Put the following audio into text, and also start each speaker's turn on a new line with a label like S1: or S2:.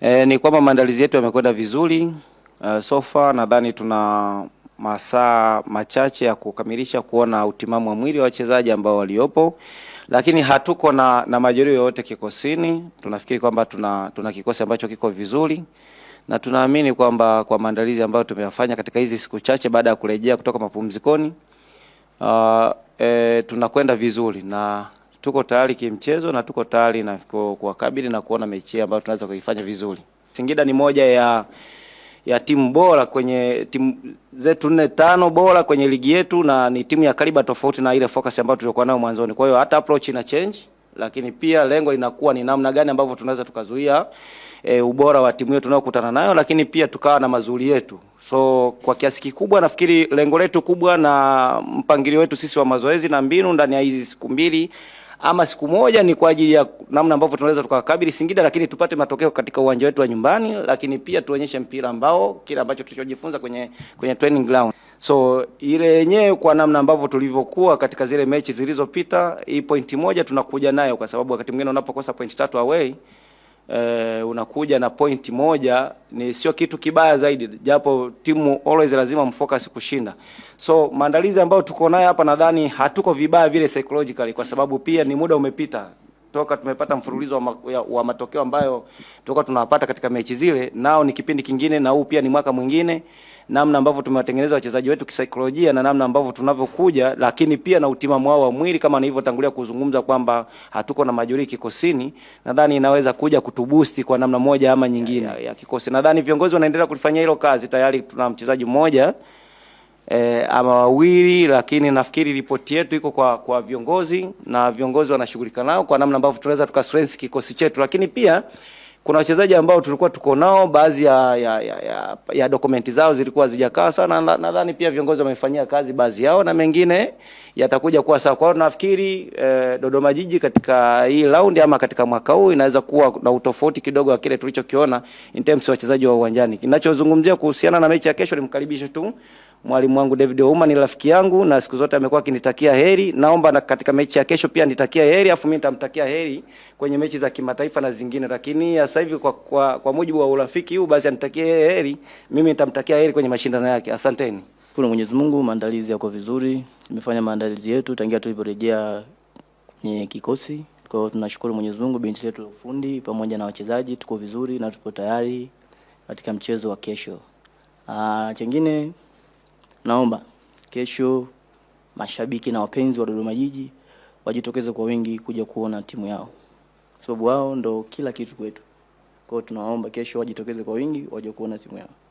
S1: E, ni kwamba maandalizi yetu yamekwenda vizuri e, so far nadhani tuna masaa machache ya kukamilisha kuona utimamu wa mwili wa wachezaji ambao waliopo, lakini hatuko na, na majeruhi yoyote kikosini. Tunafikiri kwamba tuna, tuna kikosi ambacho kiko vizuri na tunaamini kwamba kwa maandalizi ambayo tumeyafanya katika hizi siku chache baada ya kurejea kutoka mapumzikoni uh, e, tunakwenda vizuri na tuko tayari kimchezo na tuko tayari na kuwakabili na kuona mechi ambayo tunaweza kuifanya vizuri. Singida ni moja ya ya timu bora kwenye timu zetu nne tano bora kwenye ligi yetu, na ni timu ya kaliba tofauti na ile focus ambayo tulikuwa nayo mwanzoni. Kwa hiyo hata approach ina change, lakini pia lengo linakuwa ni namna gani ambavyo tunaweza tukazuia e, ubora wa timu yetu tunayokutana nayo, lakini pia tukawa na mazuri yetu. So kwa kiasi kikubwa nafikiri lengo letu kubwa na mpangilio wetu sisi wa mazoezi na mbinu ndani ya hizi siku mbili ama siku moja ni kwa ajili ya namna ambavyo tunaweza tukakabili Singida, lakini tupate matokeo katika uwanja wetu wa nyumbani, lakini pia tuonyeshe mpira ambao kile ambacho tulichojifunza kwenye, kwenye training ground. So ile yenyewe kwa namna ambavyo tulivyokuwa katika zile mechi zilizopita, hii pointi moja tunakuja nayo, kwa sababu wakati mwingine unapokosa pointi tatu away e, unakuja na point moja ni sio kitu kibaya zaidi, japo timu always lazima mfocus kushinda. So maandalizi ambayo tuko nayo hapa, nadhani hatuko vibaya vile psychologically, kwa sababu pia ni muda umepita toka tumepata mfululizo wa, wa matokeo ambayo tulikuwa tunawapata katika mechi zile, nao ni kipindi kingine, na huu pia ni mwaka mwingine, namna ambavyo tumewatengeneza wachezaji wetu kisaikolojia na namna ambavyo tunavyokuja, lakini pia na utimamu wao wa mwili, kama nilivyotangulia kuzungumza kwamba hatuko na Majuri kikosini, nadhani inaweza kuja kutubusti kwa namna moja ama nyingine ya, ya, ya kikosi. Nadhani viongozi wanaendelea kulifanya hilo kazi, tayari tuna mchezaji mmoja e, ama wawili, lakini nafikiri ripoti yetu iko kwa, kwa viongozi na viongozi wanashughulika nao kwa namna ambavyo tunaweza tukastrength kikosi chetu, lakini pia kuna wachezaji ambao tulikuwa tuko nao, baadhi ya, ya, ya, ya, ya dokumenti zao zilikuwa zijakaa sana. Nadhani pia viongozi wamefanyia kazi baadhi yao na mengine yatakuja kuwa sawa. Kwa hiyo nafikiri eh, Dodoma Jiji katika hii raundi ama katika mwaka huu inaweza kuwa na utofauti kidogo wa kile tulichokiona in terms ya wachezaji wa uwanjani. Kinachozungumzia kuhusiana na mechi ya kesho, nimkaribishe tu Mwalimu wangu David Ouma ni rafiki yangu na siku zote amekuwa akinitakia heri. Naomba na katika mechi ya kesho pia nitakia heri, afu mimi nitamtakia heri kwenye mechi za kimataifa na zingine. Lakini sasa hivi kwa, kwa, kwa mujibu wa urafiki huu basi anitakie heri, mimi nitamtakia heri kwenye mashindano yake. Asanteni.
S2: Kuna Mwenyezi Mungu, maandalizi yako vizuri. Tumefanya maandalizi yetu tangia tuliporejea kwenye kikosi. Kwa hiyo tunashukuru Mwenyezi Mungu, benchi letu ufundi pamoja na wachezaji tuko vizuri na tupo tayari katika mchezo wa kesho. Ah, chengine Naomba kesho mashabiki na wapenzi wa Dodoma Jiji wajitokeze kwa wingi kuja kuona timu yao, sababu wao ndo kila kitu kwetu. Kwa hiyo tunawaomba kesho wajitokeze kwa wingi waje kuona timu yao.